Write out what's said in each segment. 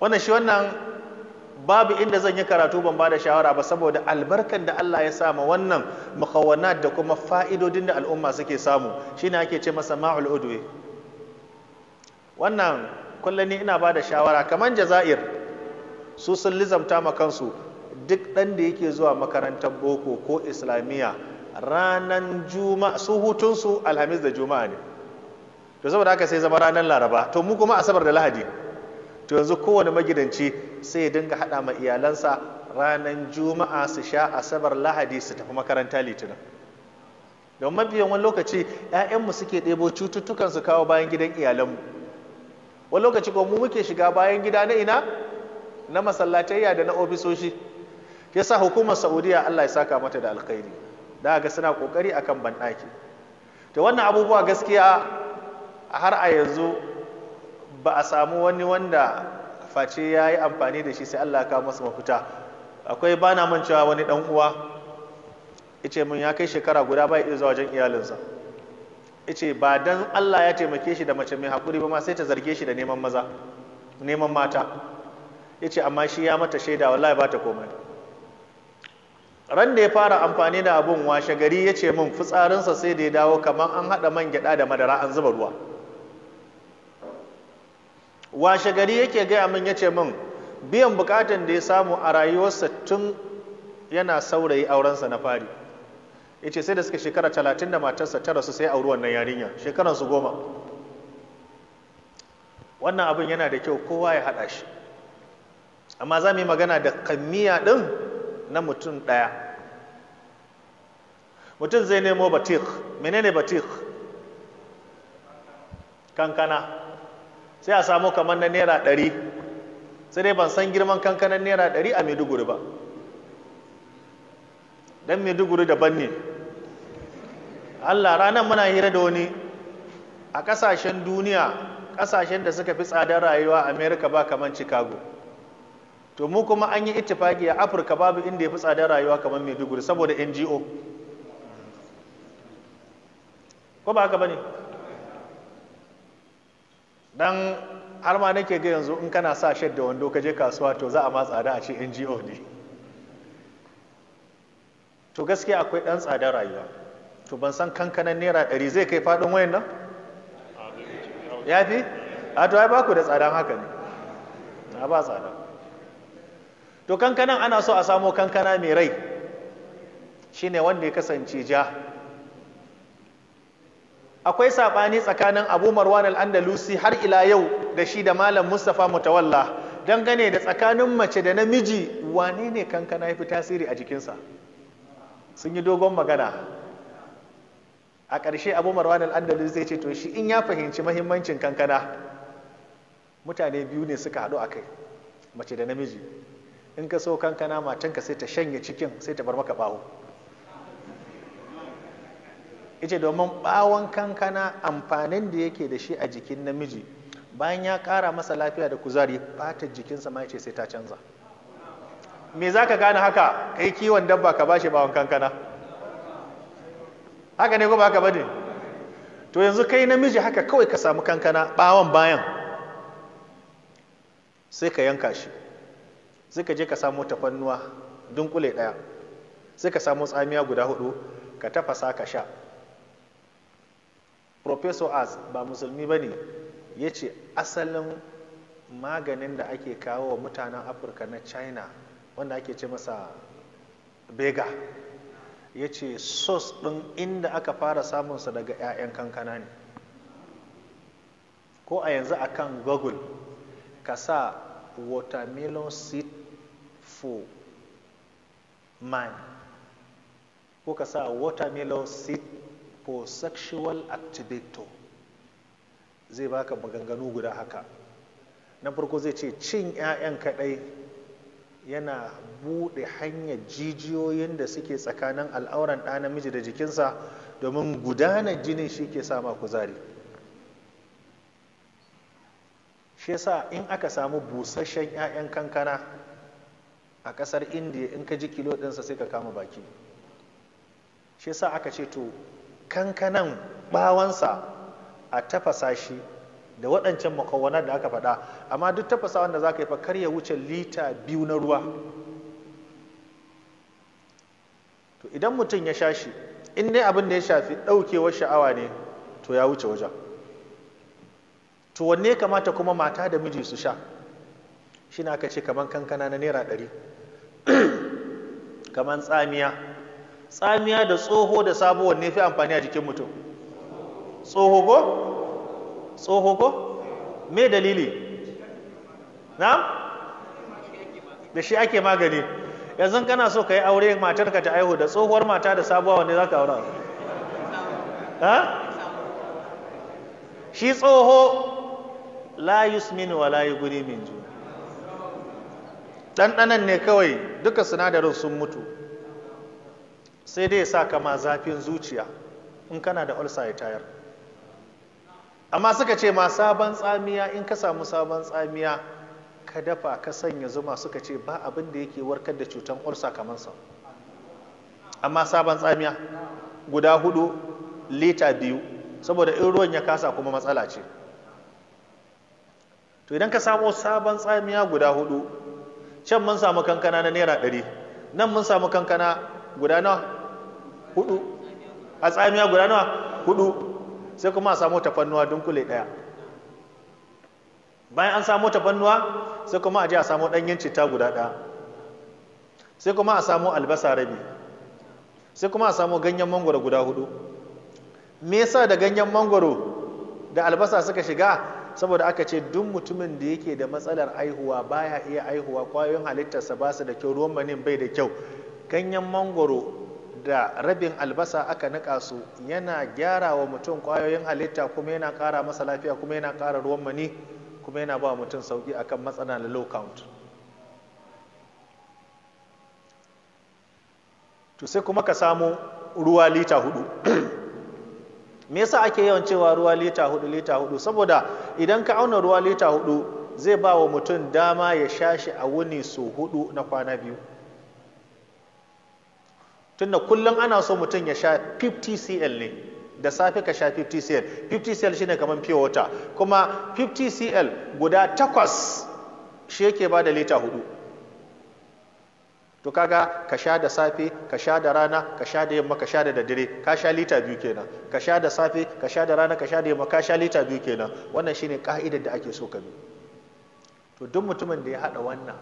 wannan shi wannan babu inda zan yi karatu ban bada shawara ba saboda albarkan da Allah ya ma wannan makawanat da kuma fa'idodin da al'umma suke samu shi ne ake ce masa ma'ul udwi wannan kullum ina bada shawara kamar jazair su sun lizamta ma kansu duk ɗan da yake zuwa makarantar boko ko islamiyya ranan juma'a su hutunsu alhamis da juma'a ne to saboda haka sai zama ranar laraba to mu kuma asabar da lahadi to yanzu kowane magidanci sai ya dinga haɗa ma iyalansa ranar juma'a su sha asabar lahadi su tafi makaranta litinin don mabiyan wani lokaci 'ya'yanmu suke ɗebo cututtukan su kawo bayan gidan iyalanmu wani lokaci ko mu muke shiga bayan gida na ina na masallatayya da na ofisoshi yasa hukumar saudiya allah ya saka mata da alkhairi da ga suna kokari akan banɗaki to wannan abubuwa gaskiya har a yanzu ba a samu wani wanda face ya yi amfani da shi sai Allah ka masa mafita akwai ba na mancewa wani dan uwa ice mun ya kai shekara guda ba iya zuwa wajen iyalinsa ice ba dan Allah ya taimake shi da mace mai hakuri ba ma sai ta zarge shi da neman maza neman mata yace amma shi ya mata shaida wallahi ba ta komai ran da ya fara amfani da abun washe gari yace mun fitsarinsa sai da ya dawo kamar an haɗa man gyada da madara an zuba ruwa washe gari yake gaya min ya ce min biyan bukatan da ya samu a rayuwarsa tun yana saurayi aurensa na fari ya ce sai da suka shekara talatin da matarsa ta rasu sai auri wannan yarinya su goma wannan abin yana da kyau kowa ya haɗa shi amma za mu yi magana da kammiya ɗin na mutum ɗaya mutum zai nemo batik menene batik kankana sai a samu kamar na naira ɗari sai dai ban san girman kankanan naira ɗari a maiduguri ba don maiduguri daban ne allah ranar muna hira da wani a ƙasashen duniya ƙasashen da suka fi tsadar rayuwa amerika ba kamar chicago to mu kuma an yi itifaki a afirka babu inda ya fi tsadar rayuwa kamar maiduguri saboda ngo ko ba haka ba ne dan har ma nake ga yanzu in kana sa shadda wando ka je kasuwa to za a ma tsada a ce NGO ne to gaskiya akwai dan tsadar rayuwa to ban san kankanan naira ɗari zai kai faɗin wayan nan ya fi a to ai baku da tsadan haka ne na ba tsada to kankanan ana so a samo kankana mai rai shine wanda ya kasance ja akwai saɓani tsakanin abu marwan al'andalusi har ila yau da shi da malam mustapha mutawalla dangane da tsakanin mace da namiji wane ne kankana ya fi tasiri a jikinsa sun yi dogon magana a ƙarshe abu marwan al'andalusi zai ce to shi in ya fahimci mahimmancin kankana mutane biyu ne suka haɗu a kai mace da namiji in ka so kankana matanka sai ta shanye cikin sai ta bar maka bawo yace domin bawon kankana amfanin da yake da shi a jikin namiji bayan ya ƙara masa lafiya da kuzari fatar jikinsa ma yace sai ta canza me zaka gane haka kai kiwon dabba ka bashi bawon kankana haka ne ko ba ka bane to yanzu kai namiji haka kawai ka samu kankana bawon bayan sai ka yanka shi sai ka je ka samo tafannuwa dunkule ɗaya sai ka samo tsamiya guda hudu ka tafasa ka sha professor as ba musulmi ba ne ya ce asalin maganin da ake kawo wa mutanen afirka na china wanda ake ce masa bega ya ce sos ɗin inda aka fara samunsa daga 'ya'yan kankana ne ko a yanzu a kan google ka sa watermelon seed for man ko ka sa watermelon seed sexual activator zai baka maganganu guda haka na farko zai ce cin 'ya'yan kadai yana buɗe hanyar jijiyoyin da suke tsakanin al'auran ɗa namiji da jikinsa domin gudanar jini shi ke sama kuzari shi yasa in aka samu busasshen 'ya'yan kankana a ƙasar indiya in ka ji kilo ɗinsa sai ka kama baki shi yasa aka ce to kankanan bawansa a tafasa shi da waɗancan makawanar da aka faɗa amma duk tafasa wanda za ka yi kar ya wuce lita biyu na ruwa to idan mutum ya sha shi in dai abin da ya shafi ɗaukewar sha'awa ne to ya wuce wajen to wanne kamata kuma mata da miji su sha shi na aka ce kamar kankana na naira ɗari kamar tsamiya tsamiya da tsoho da sabuwar ne fi amfani a jikin mutum tsoho ko tsoho ko me dalili na da shi ake magani yanzu kana so ka yi aure matar ka ta aihu da tsohuwar mata da sabuwa wanne za ka aura ha shi tsoho la yusmin wa la yuguni min juna ɗanɗanan ne kawai duka sinadarin sun mutu sai dai sa kama zafin zuciya in kana da ulsa ya tayar amma suka ce ma sabon tsamiya in ka samu sabon tsamiya ka dafa ka sanya zuma suka ce ba abin da yake warkar da cutar ulsa kamar sa amma sabon tsamiya guda hudu lita biyu saboda in ruwan ya kasa kuma matsala ce to idan ka samo sabon tsamiya guda hudu can mun samu kankana na naira ɗari nan mun samu kankana guda nawa hudu a tsamiya guda nawa hudu sai kuma a samu tafannuwa dunkule daya bayan an samu tafannuwa sai kuma a je a samu danyen citta guda daya sai kuma a samu albasa rabi sai kuma a samu ganyen mangoro guda hudu me yasa da ganyen mangoro da albasa suka shiga saboda aka ce duk mutumin da yake da matsalar aihuwa baya iya aihuwa kwayoyin halittarsa ba su da kyau ruwan manin bai da kyau ganyen mangoro da rabin albasa aka nika su yana gyara wa mutum kwayoyin halitta kuma yana kara masa lafiya kuma yana kara ruwan mani kuma yana ba mutum sauki akan matsala na low count to sai kuma ka samu ruwa lita hudu me yasa ake yawan cewa ruwa lita hudu lita hudu saboda idan ka auna ruwa lita hudu zai ba wa mutum dama ya sha shi a wuni su hudu na kwana biyu tunda kullum ana so mutum ya sha 50 cl ne da safe ka sha 50 cl 50 cl shine kamar pure water kuma 50 cl guda takwas shi yake ba da lita hudu to kaga ka sha da safe ka sha da rana ka sha da yamma ka sha da daddare ka sha lita biyu kenan ka sha da safe ka sha da rana ka sha da yamma ka sha lita biyu kenan wannan shine ka'idar da ake so ka bi to duk mutumin da ya hada wannan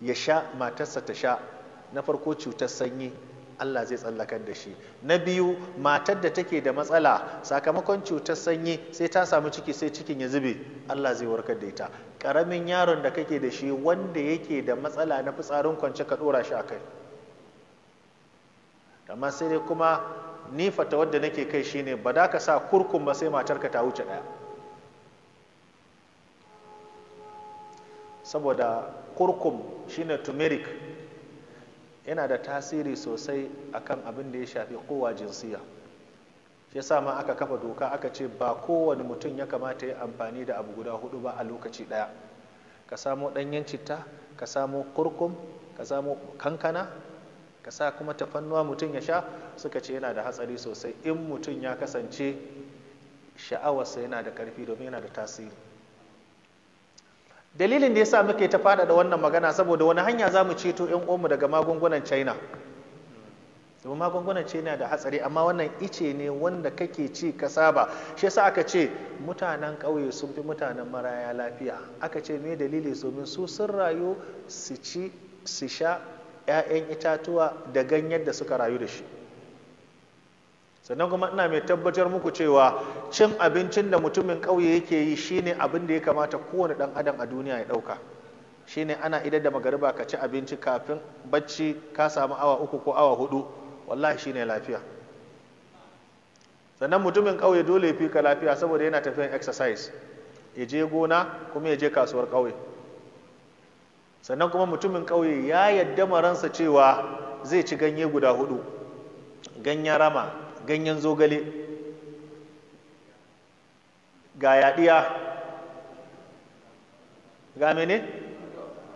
ya sha matarsa ta sha na farko cutar sanyi Allah zai tsallakar da shi na biyu matar da take da matsala sakamakon cutar sanyi sai ta samu ciki sai cikin ya zube Allah zai warkar da ita Karamin yaron da kake da shi wanda yake da matsala na fitsarin kwance ka ɗora shi a kai amma sai dai kuma ni fata wadda nake kai shine ba da ka sa kurkun ba sai matarka ta wuce ɗaya saboda kurkum shine turmeric yana da tasiri sosai akan abin da ya shafi kowa jinsiya shi yasa ma aka kafa doka aka ce ba kowane mutum ya kamata ya amfani da abu guda hudu ba a lokaci daya ka samo ɗanyen citta ka samo kurkum ka samo kankana ka sa kuma tafannuwa mutum ya sha suka ce yana da hatsari sosai in mutum ya kasance sha'awarsa yana da karfi domin yana da tasiri dalilin da ya sa muke ta faɗaɗa wannan magana saboda wani hanya za mu ceto 'yan uwanmu daga magungunan china domin magungunan china da hatsari amma wannan ice ne wanda kake ci ka saba shi yasa aka ce mutanen ƙauye sun fi mutanen maraya lafiya aka ce me dalili domin su sun rayu su ci su sha 'ya'yan itatuwa da ganyen da suka rayu da shi sannan kuma ina mai tabbatar muku cewa cin abincin da mutumin ƙauye yake yi shine abin da ya kamata kowane ɗan adam a duniya ya ɗauka shine ana idar da magariba ka ci abinci kafin bacci ka samu awa uku ko awa hudu wallahi shine lafiya sannan mutumin ƙauye dole ya fi ka lafiya saboda yana tafiyan exercise ya je gona kuma ya je kasuwar ƙauye sannan kuma mutumin ƙauye ya yadda maransa cewa zai ci ganye guda hudu ganyen rama ganyen zogale ga yadiya ga mene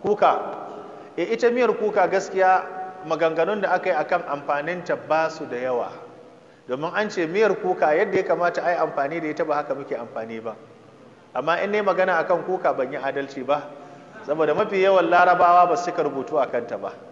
kuka e ita miyar kuka gaskiya maganganun da aka yi akan amfaninta ba su da yawa domin an ce miyar kuka yadda ya kamata a yi amfani da ita ba haka muke amfani ba amma in nai magana akan kuka ban yi adalci ba saboda mafi yawan larabawa ba su rubutu a kanta ba